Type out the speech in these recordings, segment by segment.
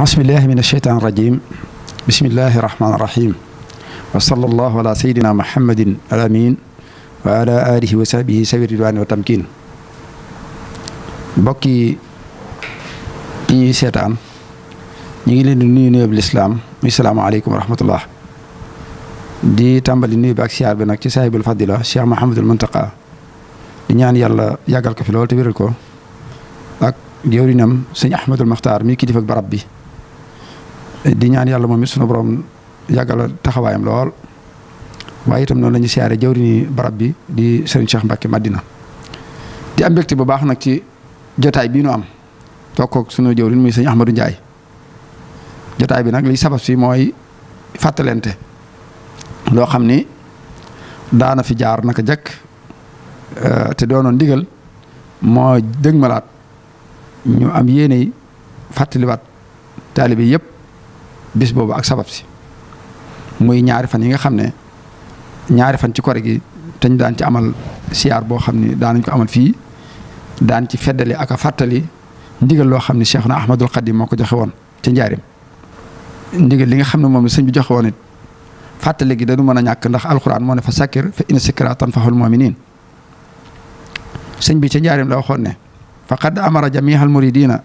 asbillahi min asheytaan irajim bismillahi irahman irahim wa sala allahu ala sayidina muhammadin al amin wa ala alihi wa sahbihi sawi ridwaani wa tamkin mbokki yi ñuy seetaan ñu ngi leen di nuyu nuyoo bi lislaam muy salaamaaleykum wa rahmatullah di tàmbali nuyu bi ak siyaar bi nag ci saahibul fadila cheikh mahamadul muntaqa di ñaan yàlla yàggal ko fi lool te wéral ko ak mi kilifak barab bi di ñaan yàlla moom it sunu boroom yàggal taxawaayam lool waaye itam noonu la ñuy siyaare jawriñu barab bi di sëriñ Cheikh Mbacke Madina di am mbégte bu baax nag ci jotaay bii nu am toog ak sunu jawriñ muy sëñ Ahmadou Ndiaye jotaay bi nag liy sabab si mooy fàttalente loo xam ni daana fi jaar naka jëkk euh, te doonoon ndigal moo dëgmalaat ñu am yéene fàttaliwaat taalibe yëpp bis boobu ak sabab si muy ñaari fan yi nga xam ne ñaari fan ci kore gi te ñu daan ci amal siyaar boo xam ne daanañ ko amal fii daan ci feddali ak a fàttali ndigal loo xam ne Cheikh na Ahmadul Xadim moo ko joxe woon ci njaarim ndigal li nga xam ne moom la sëñ bi joxe woon it gi dañu mën a ñàkk ndax alxuraan moo ne fa sakkir fa inna sikra tanfaxul muminin sëñ bi ci njaarim la waxoon ne faqad amara jamiihal muridina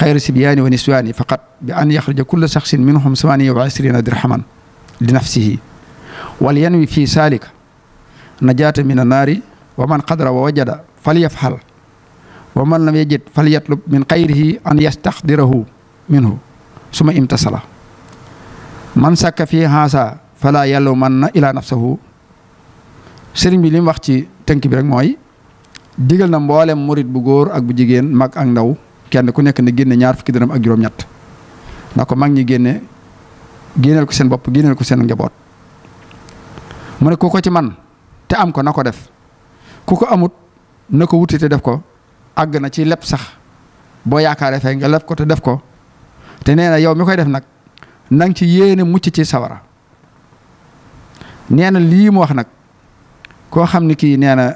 xayri sibyaani wa niswaani faqat bi an yaxruja kulla saxsin minhum samaniya wa ishrina dirhaman li nafsihi wal yanwi fi saalika najaata min annaari wa man qadra wa wajada falyafxal wa man lam yajid falyatlub min xayrihi an yastaxdirahu minhu suma imtasala man sàkka fii haasa fala yàllu man na ilaa nafsahu sëriñ bi li mu wax ci tënk bi rek mooy digal na mboolem murit bu góor ak bu jigéen mag ak ndaw kenn ku nekk ne génne ñaar fukki dërëm ak juróom-ñett na ko mag ñi génne génneel ko seen bopp génneel ko seen njaboot mu ne ku ko ci man te am ko na ko def ku ko amut na ko wuti te def ko àgg na ci lépp sax boo yaakaaree fee nga lépp ko te def ko te nee na yow mi koy def nag na nga ci yéene mucc ci sawara nee na lii mu wax nag koo xam ni kii nee na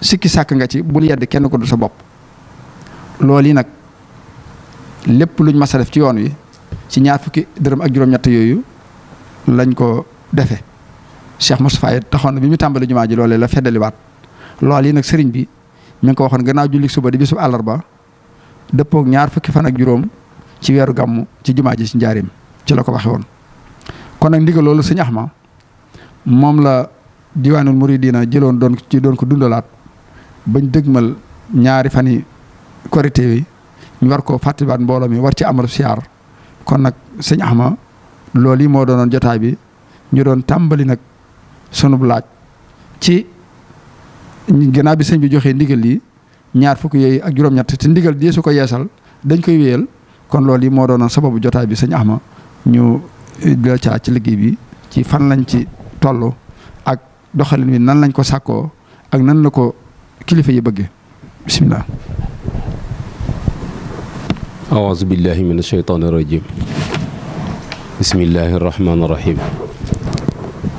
sikki sàkk nga ci bul yedd kenn ko du sa bopp. lool yi nag lépp luñ mas a def ci yoon wi ci ñaar fukki dërëm ak juróom-ñett yooyu lañ ko defe Cheikh Moustapha it taxoon na bi mu tàmbali jumaa ji loolee la feddaliwaat lool yi nag sëriñ bi mi ngi ko waxoon gannaaw julli suba di bisub àllarba dëppook ñaar fukki fan ak juróom ci weeru gàmmu ci jumaa ji ci njaarim ci la ko waxe woon kon nag ndigal loolu sëñ ma moom la diwaanul muridina jëloon doon ci doon ko dundalaat bañ dëgmal ñaari fan yi korité bi ñu war koo fàttaliwaat mbooloo mi war ci amal siyaar kon nag sëñ Axma loolu yi moo doonoon jotaay bi ñu doon tàmbali nag sunub laaj ci ginnaaw bi sëñ bi joxee ndigal yi ñaar fukk yooyu ak juróom-ñett te ndigal di su ko yeesal dañ koy wéyal kon lool yi moo doonoon sababu jotaay bi sëñ Axma ñu la ci liggéey bi ci fan lañ ci toll ak doxalin wi nan lañ ko sàkkoo ak nan la ko kilifa yi bëgge bisimilah. أعوذ بالله من الشيطان الرجيم بسم الله الرحمن الرحيم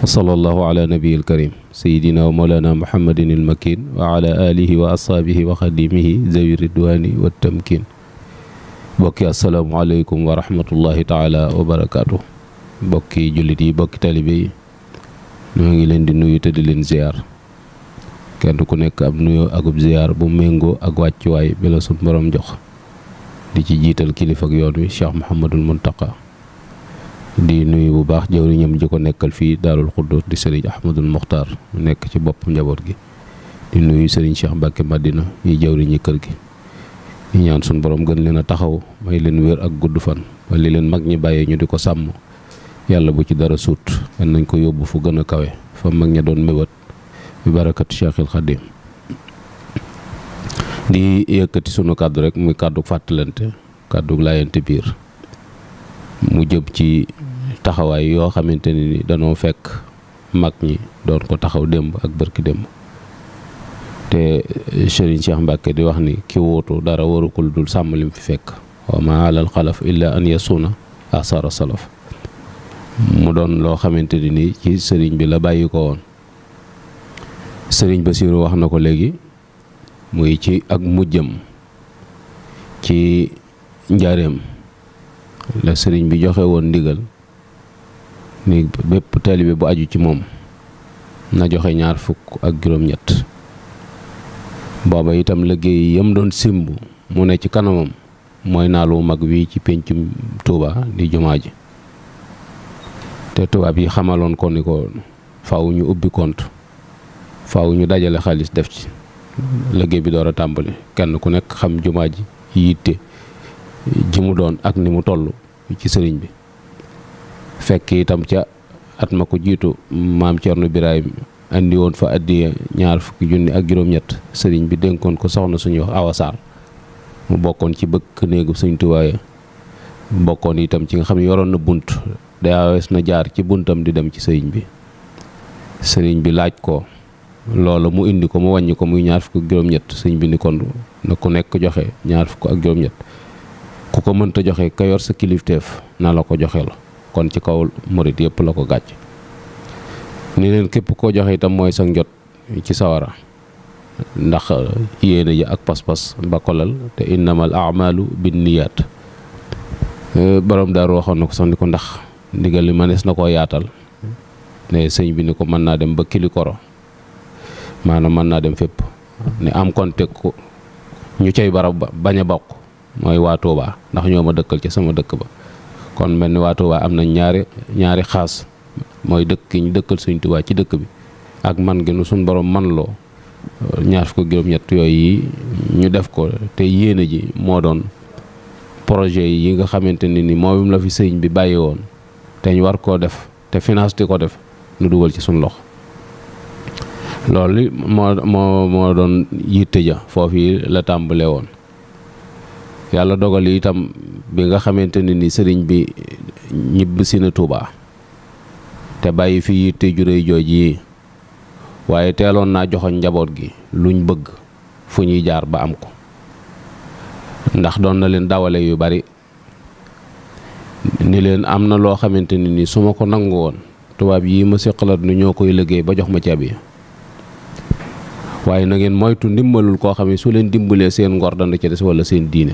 وصلى الله على نبي الكريم سيدنا ومولانا محمد المكين وعلى آله وأصحابه وخديمه ذوي الردوان والتمكين بكي السلام عليكم ورحمة الله تعالى وبركاته بكي جلدي بكي طالبي نوغي لين دي نويو تدي لين زيار كان ku nekk ab nuyoo akub ziar bu méngoo ak wàccuwaay bi la sun borom jox di ci jiital kilifa yoon wi Cheikh Mouhamadul Mountakha di nuyu bu baax jëwriñam ji ko nekkal fii Daarul Xuddoos di sëriñ Ahmadul Muxtaar mu nekk ci bopp njaboot gi di nuyu sëriñ Cheikh Mbacke Madina yi jëwriñi kër gi di ñaan suñu borom gën leen a taxaw may leen wér ak gudd fan ba li leen mag ñi bàyyee ñu di ko sàmm yàlla bu ci dara suut yan nañ ko yóbbu fu gën a kawe fa mag ña doon méwat bi barakatu Cheikhil Xadim di yëkkati sunu kàddu rek muy kàddu fàttalante kàddu laayante biir mu jëm ci taxawaay yoo xamante ni danoo fekk mag ñi doon ko taxaw démb ak bërki démb te Serigne Cheikh Mbacke di wax ni ki wóotu dara waru ko lu dul sàmm lim fi fekk wa ma alal xalaf illa an yasuna asara salaf mu doon loo xamante ni ci sëriñ bi la bàyyi ko woon sëriñ Basiru wax na ko léegi muy ci ak mujjam ci njaareem la sëriñ bi joxe woon ndigal ni bépp taalibe bu aju ci moom na joxe ñaar fukk ak juróom-ñett booba itam liggéey yam doon simb mu ne ci kanamam mooy naalu mag wi ci péncum tuuba di jumaa ji te tubaab yi xamaloon ko ni ko ñu ubbi compte faaw ñu dajale xaalis def ci liggéey bi door a tàmbali kenn ku nekk xam jumaa ji yitte ji mu doon ak ni mu toll ci sëriñ bi fekk itam ca at ma ko jiitu maam Cerno Birahim andi woon fa addiya ñaar fukki junni ak juróom-ñett sëriñ bi dénkoon ko soxna suñuy wax mu bokkoon ci bëkk néegu Sëriñ Tuubaa bokkoon itam ci nga xam yoroon na bunt daawees na jaar ci buntam di dem ci sëriñ bi sëriñ bi laaj ko loolu mu indi ko mu wàññi ko muy ñaar fukk ak juróom-ñett sëñ bi ni kon na ku nekk joxe ñaar fukk ak juróom-ñett ku ko mënta joxe ka sa kilifteef na la ko joxe la kon ci kaw murit yëpp la ko gàcc ni leen képp koo joxe itam mooy sa njot ci sawara ndax yéene ji ak pas-pas ba kolal te innamal amalu binniyaat borom daaru waxoon na ko sax ni ko ndax ndigal li mënees na koo yaatal ne sëñ bi ni ko mën naa dem ba kilikoro maanaam mën naa dem fépp ni am kon konte ko ñu cay barab bañ a bokk mooy waa baa ndax ñoo ma dëkkal ci sama dëkk ba kon mel ni waa Touba am nañ ñaari ñaari xaas mooy dëkk dëkkal Sëñ Touba ci dëkk bi ak man gi nu suñ borom man loo ñaar fukk juróom-ñett yooyu yi ñu def ko te yéene ji moo doon projet yi nga xamante ne ni moom la fi sëñ bi bàyyi woon te ñu war koo def te finance di ko def nu dugal ci suñ loxo loolu moo moo moo doon yitte ja foofu la tàmbale woon yàlla dogal itam bi nga xamante ne ni sëriñ bi ñibb si na Tuuba te bàyyi fi yitte juréy jooj yi waaye teeloon naa joxoñ njaboot gi luñ bëgg fu ñuy jaar ba am ko ndax doon na leen dawale yu bari ni leen am na loo xamante ni su ma ko nangu woon tubaab yii ma séqalat nu ñoo koy liggéey ba jox ma ceeb yi waaye na ngeen moytu ndimbalul koo xam ne su leen dimbalee seen ngor dana ci des wala seen diine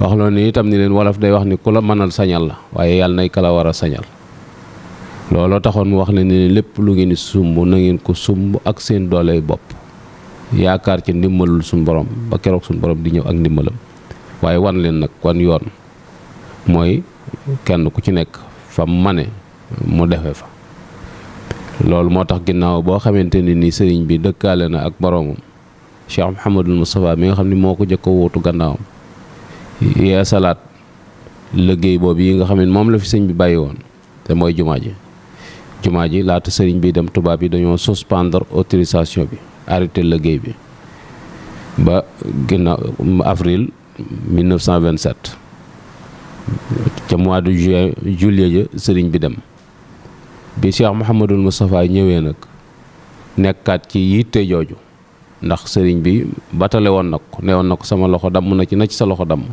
wax loo ni itam ni leen wolof day wax ni ku la mënal sañal la waaye yàlla nay kala war a sañal looloo taxoon mu wax leen ni lépp lu ngeen di sumb na ngeen ko sumb ak seen dooleey bopp yaakaar ci ndimbalul suñ borom ba keroog suñu borom di ñëw ak ndimbalam waaye wan leen nag wan yoon mooy kenn ku ci nekk fa mane mu defe fa loolu moo tax ginnaaw boo xamante ne ni sëriñ bi dëkkaale na ak boroomam Cheikh Mouhamadul Moustapha mi nga xam ne moo ko jëkk a wóotu salaat yeesalaat liggéey boobu yi nga xam ne moom la fi sëñ bi bàyyi woon te mooy jumaa ji jumaa ji laata sëriñ bii dem tubaab yi dañoo suspendre autorisation bi arrêté liggéey bi ba ginnaaw avril 1927 ca mois de juin juillet ja sëriñ bi dem bi Cheikh Mouhamadul Moustapha ñëwee nag nekkaat ci yitte jooju ndax sëriñ bi batale woon nag ko ne woon na ko sama loxo damm na ci nag ci sa loxo damm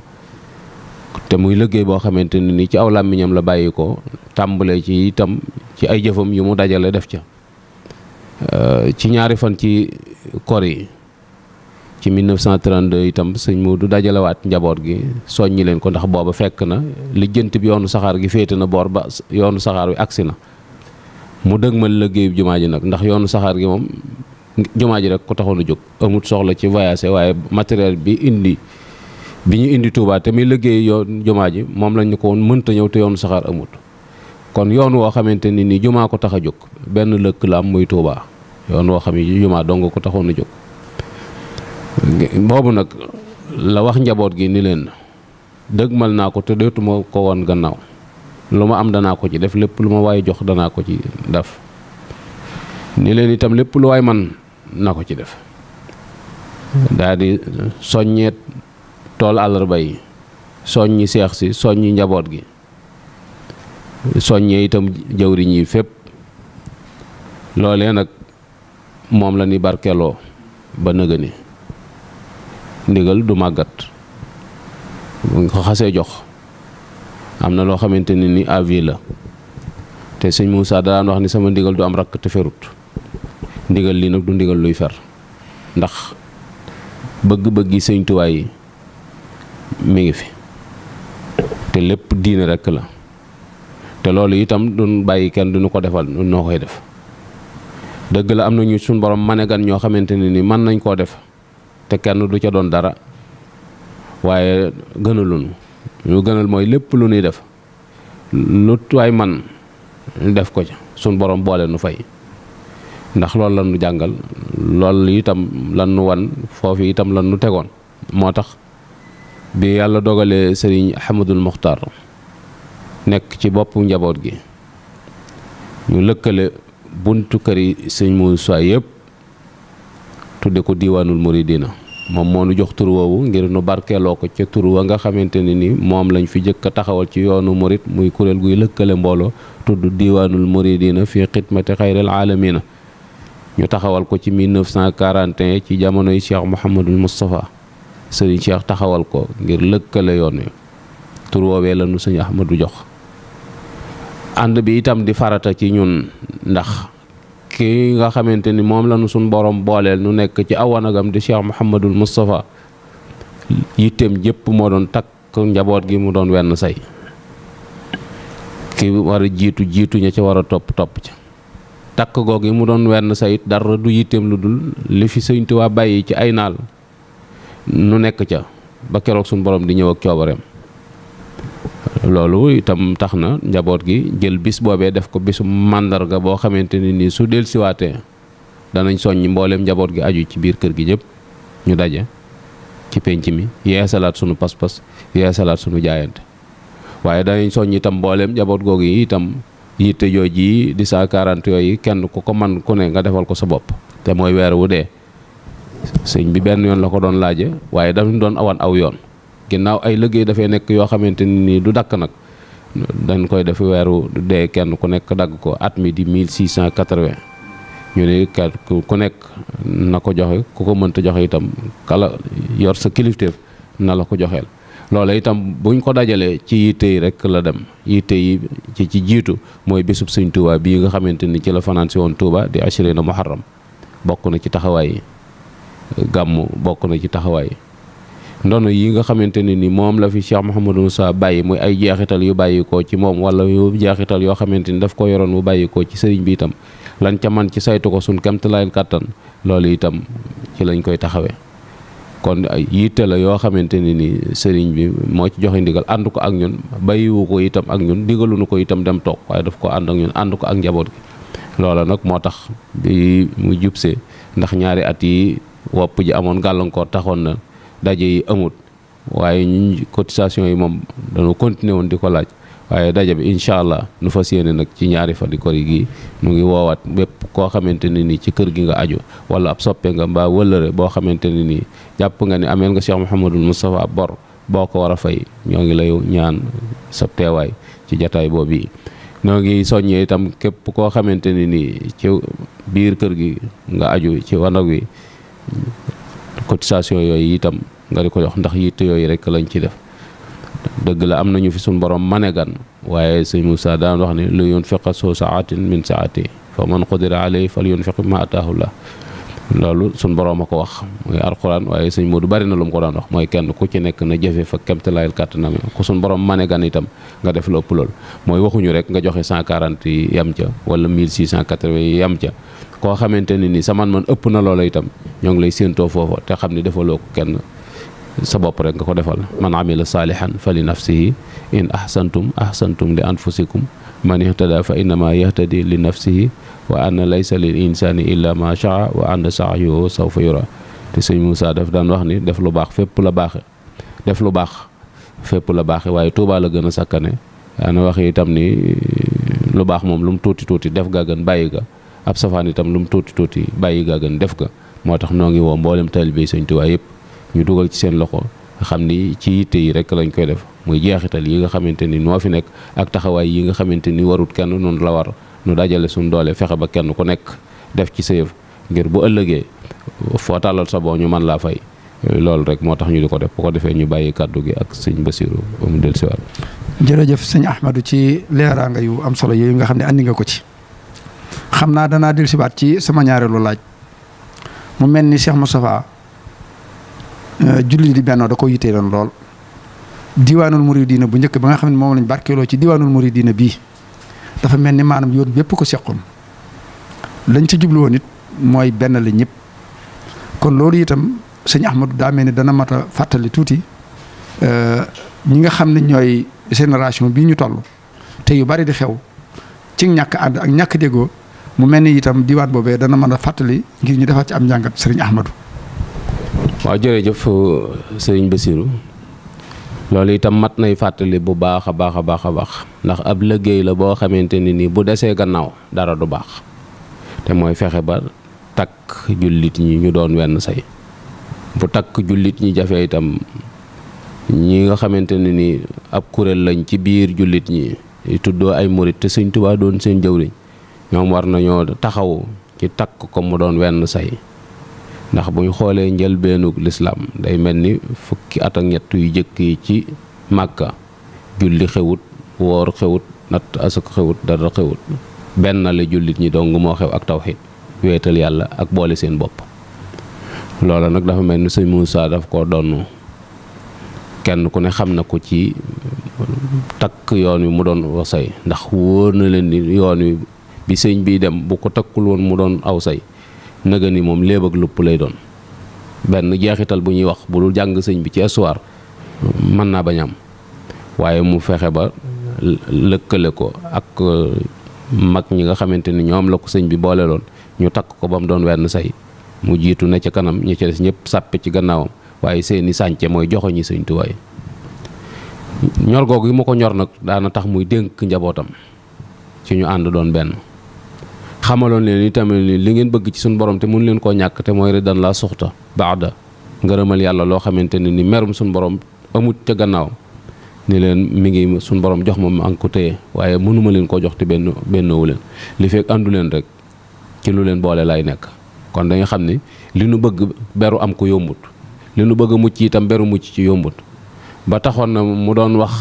te muy liggéey boo xamante ne ni ci aw làmmiñam la bàyyi ko tàmbalee ci itam ci ay jëfam yu mu dajale def ca euh, ci ñaari fan ci kor yi ci 1932 itam sëñ Moodu dajalewaat njaboot gi soññi leen ko ndax booba fekk na lijjanti bi yoonu saxaar gi féete na boor ba yoonu saxaar wi agsi na mu dëgmal liggéeyu jumaa ji nag ndax yoonu saxaar gi moom jumaa ji rek ko taxoon a jóg amut soxla ci voyage waaye matériel bi indi bi ñu indi Touba te muy liggéey yoon jumaa ji moom lañ ñu ko woon mënta ñëw te yoonu saxaar amut kon yoon woo xamante ni nii jumaa ko tax a jóg benn lëkk la muy tuubaa yoon woo xam ne jumaa dong ko taxoon a jóg boobu nag la wax njaboot gi ni leen dëgmal naa ko te dootuma ko woon gannaaw lu ma am danaa ko ci def lépp lu ma waay jox danaa ko ci def ni leen itam lépp lu waay man na ko ci def daadi soññeet tool àllarba yi soññi seex si soññi njaboot gi soññee itam jawriñ yi fépp loolee nag moom la ni barkeloo ba nëga ni ndigal du màggat nga ko xasee jox am na loo xamante ne ni avier la te sëñ Moussa daan wax ni sama ndigal du am rakk te ferut ndigal lii nag du ndigal luy fer ndax bëgg-bëggi sëñ Tuubaa yi mi ngi fi te lépp diine rekk la te loolu itam duñ bàyyi kenn duñu ko defal noo koy def dëgg la am na ñu suñ borom manegan ñoo xamante ne ni mën nañ koo def te kenn du ca doon dara waaye gënaluñu ñu gënal mooy lépp lu nuy def lu tuwaay man def ko ci suñ borom boole nu fay ndax loolu lan nu jàngal loolu itam lan nu wan foofu itam lan nu tegoon moo tax bi yàlla dogalee sëriñ Ahmadul Muxtaar nekk ci boppu njaboot gi ñu lëkkale buntu kër yi sëñ Muusaa yëpp tudde ko diiwaanul muridina moom moo nu jox tur woowu ngir nu barkeeloo ko ca tur wa nga xamante ne ni moom lañu fi jëkk a taxawal ci yoonu murit muy kuréel guy lëkkale mbooloo tudd diiwaanul muridina fii xidmati xayril aalamina ñu taxawal ko ci 1941 ci jamonoy Cheikh Mouhamadul Moustapha sëriñ Cheikh taxawal ko ngir lëkkale yoon wi tur woowee la nu sëñ Ahmadu jox ànd bi itam di farata ci ñun ndax ki nga xamante ni moom lañu suñ borom booleel nu nekk ci aw awanagam di Cheikh Mouhamadul Moustapha yitteem jëpp moo doon takk njaboot gi mu doon wenn say ki war a jiitu jiitu ña ca war a topp topp ca takk goog yi mu doon wenn sayit dara du yitteem lu dul li fi sëñ Tuubaa bàyyi ci ay naal nu nekk ca ba keroog suñ borom di ñëw ak coobareem loolu itam tax na njaboot gi jël bis boobee def ko bisu màndarga boo xamante ne nii su siwaatee danañ soññ mbooleem njaboot gi aju ci biir kër gi ñëpp ñu daje ci penc mi yeesalaat sunu pas-pas yeesalaat sunu jaayante waaye danañ soññ itam mbooleem njaboot googu yi itam yitte jooju yi di saa quarante yooyu kenn ku ko man ku ne nga defal ko sa bopp te mooy weer wu dee sëñ bi benn yoon la ko doon laaje waaye dafa doon awan aw yoon ginnaaw ay liggéey dafay nekk yoo xamante ni nii du dakk nag dañ koy def weeru dee kenn ku nekk dagg ko at mi di cent 1680 ñu ne ku nekk na ko joxe ku ko mënta joxe itam kala yor sa kilifteef na la ko joxeel loola itam buñ ko dajalee ci yitte yi rek la dem yitte yi ci ci jiitu mooy bésub sëñ Touba bii nga xamante ni ci la fanaan si woon Touba di na muharram bokk na ci taxawaay yi gàmm bokk na ci taxawaay ndono yii nga xamante ne ni moom la fi Cheikh Mouhamadou Moussa bàyyi muy ay jeexital yu bàyyikoo ci moom wala yu jeexital yoo xamante ni daf ko yoroon mu bàyyikoo ci sëriñ bi itam lan ca man ci saytu ko suñ kamtalaayal kàttan loolu itam ci lañ koy taxawee kon yitte la yoo xamante ne ni sëriñ bi moo ci joxe ndigal ànd ko ak ñun bàyyiwu ko itam ak ñun digaluñu ko itam dem toog waaye daf ko ànd ak ñun ànd ko ak njaboot gi loola nag moo tax bi mu jubsee ndax ñaari at yi wopp ji amoon gàllankoor taxoon na daje yi amut waaye ñu cotisation yi moom dañoo continuer woon di ko laaj waaye daje bi incha allah nu fa yéene nag ci ñaari fan di kori gi mu ngi woowaat bépp koo xamante ne nii ci kër gi nga aju wala ab soppe nga mbaa wëllëre boo xamante ne nii jàpp nga ne ameel nga Cheikh Mouhamadul Moustapha bor boo ko war a fay ñoo ngi lay ñaan sa teewaay ci jataay boobu ñoo ngi soññee itam képp koo xamante ne nii ci biir kër gi nga aju ci wanag wi cotisation yooyu itam nga di ko jox ndax yitte yooyu rek lañ ci def dëgg la am nañu fi suñu borom manegan waaye sëñ Moussa daan wax ni lu yunfiqa soo saatin min saati fa man qudira alayhi fal yunfiq ma ataahu llah loolu suñ boroom a ko wax muy alxuraan waaye moo Moodu bari na lu mu ko daan wax mooy kenn ku ci nekk na jëfe fa kemtalaayil kàttanam ku suñ boroom mane gan tam nga def lu ëpp loolu mooy waxuñu rek nga joxe 140 yi yam ca wala 1680 yi yam ca koo xamante ne ni sa man-man ëpp na loola itam ñoo ngi lay séentoo foofa te xam ni defaloo ko kenn sa bopp rek nga ko defal man amila saalihan fa li nafsihi in ahsantum ahsantum li anfusikum man ihtada fa innama di li nafsihi waa anna laysa lil insani illa ma shaa wa anna sa'yuhu sawfa yura te sëñ Moussa daf daan wax ni def lu baax fépp la baaxe def lu baax fépp la baaxe waaye tuubaal la gën a sakkane ana wax itam ni eh, lu baax moom lu mu tuuti tuuti def gaa gën bàyyi ga ab safaan itam lu mu tuuti tuuti bàyyi gaa gën def ga moo tax noo ngi woo mboolem taalibe Sëñ Tuubaa yëpp ñu dugal ci seen loxo nga xam ni ci yitte yi rek lañ koy def muy jeexital yi nga xamante ni noo fi nekk ak taxawaay yi nga xamante ni warut kenn noonu la war nu dajale suñ doolee fexe ba kenn ku nekk def ci sa yëf ngir bu ëllëgee foo tàllal sa boo ñu man laa fay loolu rek moo tax ñu di ko def bu ko defee ñu bàyyi kàddu gi ak sëñ Basiru ba mu dellusiwaat. jërëjëf sëñ Ahmadou ci leeraanga yu am solo yooyu nga xam ne andi nga ko ci xam naa danaa del dellusiwaat ci sama ñaareelu laaj mel ni Cheikh Moustapha Euh, julli di bennoo da ko yittee loon lool diwaanul muridina bu njëkk ba nga xam ne moom lañ barkeeloo ci diwaanul muridina bii dafa mel ni maanam yoon bépp ko seqoon lañ ci jublu woon it mooy benn la ñëpp kon loolu itam sëñ Ahmadou daa mel ni dana mat a fàttali tuuti euh, ñi nga xam ne ñooy génération bii ñu toll te yu bari di xew ci ñàkk ànd ak ñàkk déggoo mu mel ni itam diwaan boobee dana mën a fàttali ngir ñu defal ci am njàngat sëriñ Ahmadou waaw jërëjëf euh, sëriñ Bassirou loolu itam mat nay fàttali bu baax a baax a baax a baax ndax ab liggéey la boo xamante ni nii bu desee gannaaw dara du baax te mooy fexe ba takk jullit ñi ñu doon wenn say bu takk jullit ñi jafe itam ñi nga xamante ne ni ab kuréel lañ ci biir jullit ñi tuddoo ay murit te sëñ Tuubaa doon seen jëwriñ ñoom war nañoo taxaw ci takk ko mu doon wenn say ndax bu ñu xoolee njëlbeenu lislaam day mel ni fukki atak ñett yu jëkk yi ci màkka julli xewut woor xewut natt asaka xewut dara xewut benn la jullit ñi dong moo xew ak tawxiid wéetal yàlla ak boole seen bopp loola nag dafa mel ni sëñ Moussa daf ko donn kenn ku ne xam na ko ci takk yoon wi mu doon aw say ndax wóor na leen yoon wi bi sëñ bii dem bu ko takkul woon mu doon aw say naga ni moom léeb ak lupp lay doon benn jeexital bu ñuy wax bu dul jàng sëñ bi ci histoire mën naa bañ am waaye mu fexe ba lëkkale ko ak euh, mag ñi nga xamante ni ñoom la ko sëñ bi boole loon ñu takk ko ba mu doon wenn say mu jiitu na ci kanam ñi ca des ñëpp sàppe ci gannaawam waaye seeni sànce mooy joxoñi sëñ tuwaay ñor googu yi ko ñor nag daana tax muy dénk njabootam ci ñu ànd doon benn xamaloon leen itamit li ngeen bëgg ci suñu borom te mun leen koo ñàkk te mooy ridan laa suxta baada ngërëmal yàlla loo xamante ne ni merum suñu borom amut ca gannaaw ni leen mi ngi suñu borom jox ma ma ang ko téye waaye mënuma leen koo jox te benn benn wu leen li fekk àndu leen rek ci lu leen boole lay nekk kon dañu xam ni li nu bëgg beru am ko yombut li nu bëgg a mucc tam beru mucc ci yombut ba taxoon na mu doon wax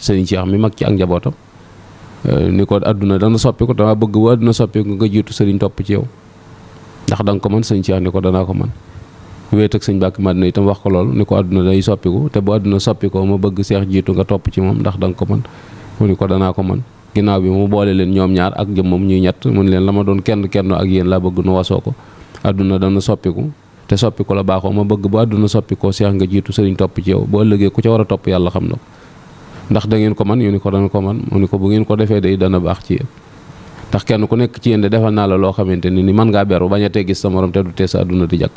sëñ Cheikh mi mag ci ak njabootam Euh, ni ko adduna dana soppiku dama bëgg bu adduna soppiku nga jiitu sëriñ topp ci yow ndax da ko mën sëñ Cheikh ni ko danaa ko mën wéet ak sëñ Bàkki Madina itam wax ko loolu ni ko adduna day soppiku te bu adduna soppikoo ma bëgg Cheikh jiitu nga topp ci moom ndax da nga ko mën mu ni ko danaa ko mën ginnaaw bi mu boole leen ñoom ñaar ak jëmmam ñuy ñett mun leen la ma doon kenn kenn ak yéen laa bëgg nu wasoo ko adduna dana soppiku te soppiku la baaxoo ma bëgg bu adduna soppikoo seex nga jiitu sëriñ topp ci yow bu ëllëgee ku ca war a topp yàlla xam na ko ndax da ngeen ko man ñu ni ko dana ko man mu ni ko bu ngeen ko defee day dana baax ci yéen ndax kenn ku nekk ci yéen de defal naa la loo xamante ni ni mën ngaa beru bañ a tee gis sa morom te du tee sa àdduna di jàkk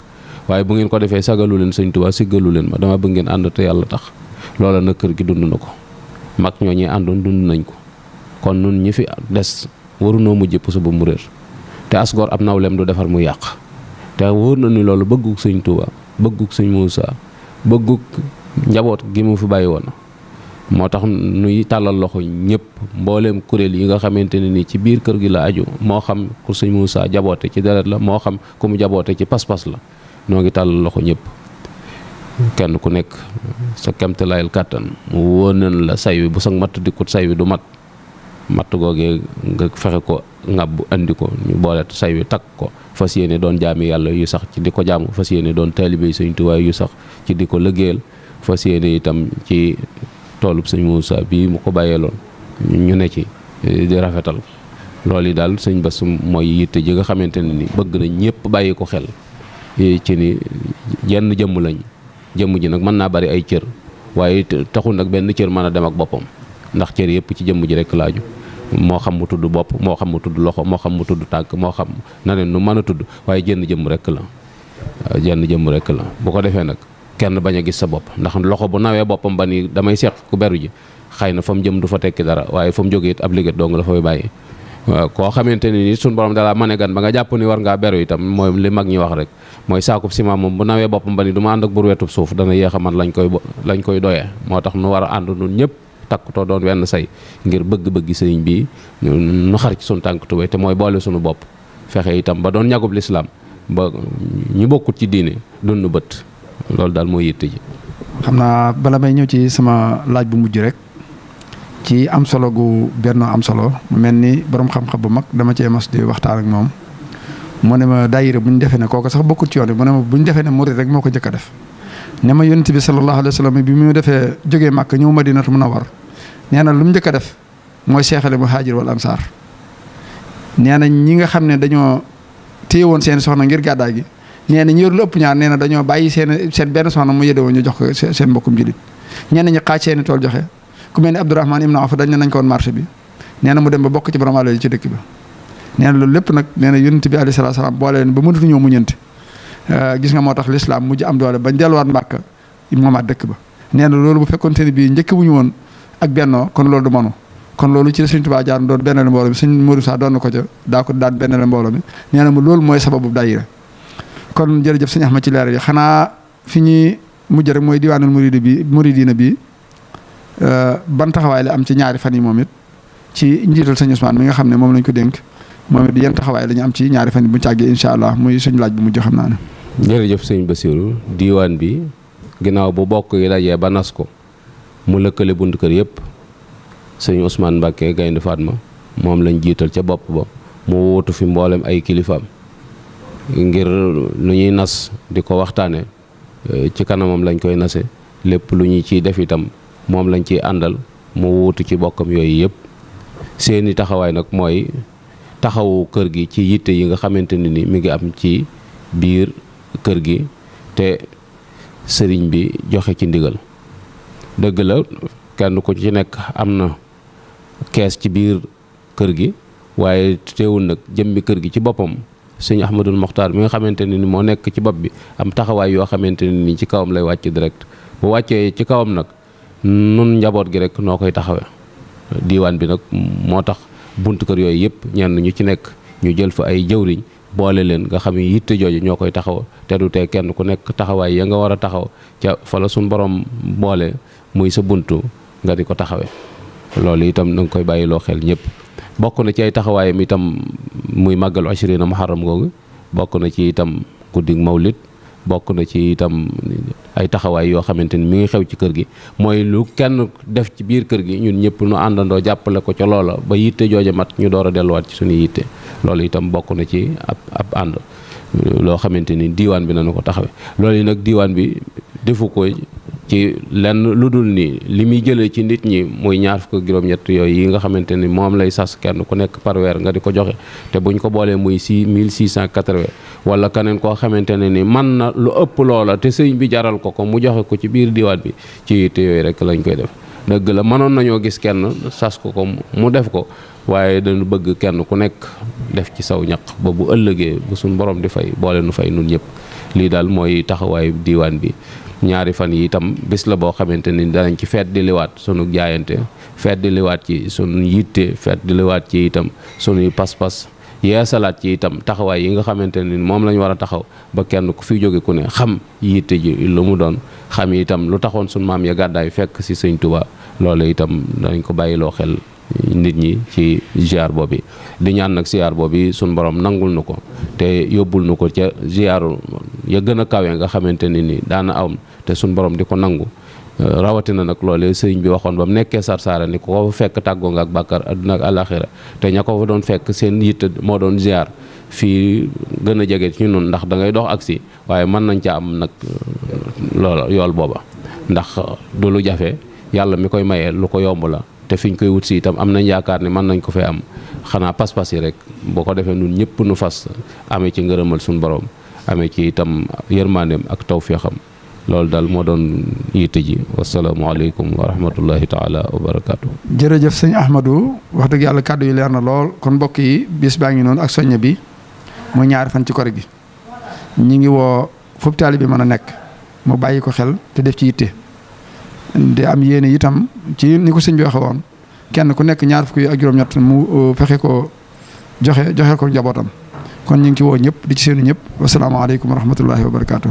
waaye bu ngeen ko defee sagalu leen sëñ Tuubaa siggalu leen ma dama bëgg ngeen ànd te yàlla tax loola nag kër gi dund na ko mag ñoo ñi àndoon dund nañ ko kon nun ñi fi des warunoo mujj puso ba mu réer te asgoor ab nawleem du defar mu yàq te wóor na loolu bëggug sëñ Tuubaa bëggug sëñ Muusaa bëggug njaboot gi mu fi bàyyi woon moo tax nuy tàllal loxo ñëpp mbooleem kuréel yi nga xamante ne ni ci biir kër gi la aju moo xam ku sëñ Moussa jaboote ci deret la moo xam ku mu jaboote ci pas-pas la noo ngi tàllal loxo ñëpp kenn ku nekk sa kemtalaayal kàttan mu wóonan la say wi bu sa matt dikkut say wi du mat matt googee nga fexe ko ngàbb indi ko ñu boole say wi takk ko fas yéene doon jaami yàlla yu sax ci di ko jaamu fas yéene doon taalibe Sëñ Tuubaa yu sax ci di ko liggéeyal fas yéene ci toolu sëñ Moussa bii mu ko bàyyeeloon ñu ne ci eh, di rafetal loolu yi daal sëñ Bass mooy yitte ji nga xamante ne ni bëgg na ñëpp bàyyi ko xel eh, ci ni jenn jëmm lañ jëmm ji nag mën naa bari ay cër waaye taxul nag benn cër mën a dem ak boppam ndax cër yëpp ci jëmm ji rek laaju moo xam mu tudd bopp moo xam mu tudd loxo moo xam mu tudd tànk moo xam na ne nu mën a tudd waaye jenn jëmm rekk la jenn jëmm rekk la bu ko defee nag kenn bañ a gis sa bopp ndax loxo bu nawee boppam ba ni damay seq ku beru ji xëy na fa mu jëm du fa tekki dara waaye fa mu jógee it ab liggéey dong la fay bàyyi koo xamante ni nii suñu borom dalaa mane gan ba nga jàpp ni war ngaa beru itam mooy li mag ñi wax rek mooy saakub ciment moom bu nawee boppam ba ni du ma ànd ak bur wetub suuf dana yéex a man lañ koy lañ moo tax nu war a ànd nun ñëpp takkutoo doon wenn say ngir bëgg-bëgg sëriñ bi nu xar ci suñu tànk tubéy te mooy boole suñu bopp fexe itam ba doon ñagub lislaam ba ñu bokkut ci diine dund bët loolu daal moo yitte ji. xam naa bala may ñëw ci sama laaj bu mujj rek ci am solo gu benn am solo mel ni borom xam-xam bu mag dama cee mas di waxtaan ak moom mu ne ma daayira bu ñu defee ne kooku sax bokkul ci yoon mu ne ma bu ñu defee ne murid rek moo ko njëkk def. ne ma yonent bi sallallahu alayhi wa sallam bi mu defee jógee màkk ñëw ma dinat madinatu munawwar nee na lu mu njëkk a def mooy seexale mu haajir wal ansaar nee na ñi nga xam ne dañoo téye woon seen soxna ngir gàddaay gi. nee na ñëer lu ëpp ñaar nee dañoo bàyyi seen seen benn soxna mu yëdewoo ñu jox ko seen mbokkum julit ñenn ñi xaaj seeni tool joxe ku mel ni Abdourahman Ibn Awf dañ ne nañ ko woon marché bi nee na mu dem ba bokk ci borom ci dëkk lépp na yonent bi alayhi salaatu salaam ba mënatu euh, nga moo tax lislaam mujj am doole bañ delluwaat Mbàkka moomaat dëkk ba nee loolu bu fekkonte ne bii njëkk bu ñu woon ak bennoo kon loolu du manu loolu ci la Sëriñ Tuubaa jaar doon benn la mbooloo mi Sëriñ Modou Sa doon na ko ca daa ko daan benn mooy sababu daayira kon jërëjëf sëñ Ahmad ci leeral yi xanaa fi ñuy mujj rek mooy diwaanul muridi bi muridina bi euh, ban taxawaay la am ci ñaari fan yi moom it ci njiital sëñ Ousmane mi nga xam ne moom lañ ko dénk moom it yan taxawaay la am ci ñaari fan yi bu càggee incha allah muy suñu laaj bu mu xam naa ne. jërëjëf sëñ Basiru diwaan bi ginnaaw bu bokk yi dajee ba nas ko mu lëkkale bunt kër yëpp sëñ Ousmane Mbacke Gaynde Fatma moom lañ jiital ca bopp ba mu wóotu fi mboolem ay kilifaam. ngir lu ñuy nas di ko waxtaane eh, ci kanamam lañ koy nase lépp lu ñu ciy def itam moom lañ ciy àndal mu wuutu ci bokkam yooyu yëpp seeni taxawaay nag mooy taxawu kër gi ci yitte yi nga xamante ne ni mi ngi am ci biir kër gi te sëriñ bi joxe ci ndigal dëgg la kenn ku ci nekk am na kees ci biir kër gi waaye teewul nag jëmmi kër gi ci boppam sëñ Ahmadul Moxtaar mi nga xamante ne ni moo nekk ci bopp bi am taxawaay yoo xamante ne ni ci kawam lay wàcc direct bu wàccee ci kawam nag nun njaboot gi rek noo koy taxawee diiwaan bi nag moo tax bunt kër yooyu yëpp ñenn ñu ci nekk ñu jël fa ay jëwriñ boole leen nga xam ni yitte jooju ñoo koy taxaw te du tee kenn ku nekk taxawaay ya nga war a taxaw ca fa la suñ borom boole muy sa bunt nga di ko taxawee loolu itam na nga koy bàyyiloo xel ñëpp bokk na ci ay taxawaayam itam muy màggalu ashrina muharram googu bokk na ci itam guddi mawlid bokk na ci itam ay taxawaay yoo xamante ni mu ngi xew ci kër gi mooy lu kenn def ci biir kër gi ñun ñëpp nu àndandoo jàppale ko ca loola ba yitte jooja mat ñu door a delluwaat ci suñu yitte loolu itam bokk na ci ab ab ànd loo xamante ni diiwaan bi nañu ko taxawe loolu yi nag diiwaan bi defu ko ci lenn lu dul nii li muy jëlee ci nit ñi muy ñaar fukk juróom-ñett yooyu yi nga xamante ni moom lay sas kenn ku nekk par nga di ko joxe te buñ ko boolee muy six mille six cent quatre-vingts wala keneen koo xamante ne ni man na lu ëpp loola te sëñ bi jaral ko ko mu joxe ko ci biir diwaan bi ci yitte yooyu rek lañ koy def dëgg la manoon nañoo gis kenn sas ko ko mu def ko waaye dañu bëgg kenn ku nekk def ci saw ñaq ba bu ëllëgee bu suñ borom di fay boole nu fay nun ñëpp lii daal mooy taxawaayu diwaan bi ñaari fan yi itam bés la boo xamante ni danañ ci feet di liwaat sunu jaayante feet di liwaat ci sunu yitte feet ci itam sunuy pas-pas salaat ci itam taxawaay yi nga xamante ni moom lañ war a taxaw ba kenn ku fi jóge ku ne xam yitte ji lu mu doon xam itam lu taxoon sunu maam ya gàddaay fekk si sëñ Tuubaa loolu itam danañ ko bàyyi loo xel nit ñi ci ziar boobu di ñaan nag ziar boobu suñ borom nangul nu ko te yóbbul nu ko ca ziaru ya gën a kawe nga xamante ne ni daana am te suñ borom di ko nangu euh, rawatina nag loolee sëriñ bi waxoon ba mu nekkee sarsaara ni ko ko fa fekk tàggoo nga ak bàkkar àdduna ak àlaxira te ña ko fa doon fekk seen yitte moo doon ziar fii gën a jege ci ñun ndax dangay ngay dox agsi waaye mën nañ ca am nag euh, loola yool booba ndax du lu jafe yàlla mi koy mayee lu ko yomb la te fiñ koy wut si itam am nañ yaakaar ni mën nañ ko fee am xanaa pas-pas yi rek boo ko defee nun ñëpp nu fas amee ci ngërëmal suñu borom amee ci itam yërmandeem ak tawféexam loolu daal moo doon yitte ji wasalaamaaleykum wa rahmatullahi taala wa barakaatu. jërëjëf sëñ Ahmadou wax dëgg yàlla kàddu yi leer na lool kon mbokk yi bis baa ngi noonu ak soññe bi mu ñaar fan ci kor gi ñu ngi woo foofu taalibe bi mën a nekk mu bàyyi ko xel te def ci yitte. di am yéene itam ci ni ko sëñ bi waxe woon kenn ku nekk ñaar fukki ak juróom-ñett mu uh, fexe ko joxe joxe ko njabootam kon ñu ngi woo ñëpp di ci seenu ñëpp wasalaamaaleykum wa rahmatullahi wa barakaatu.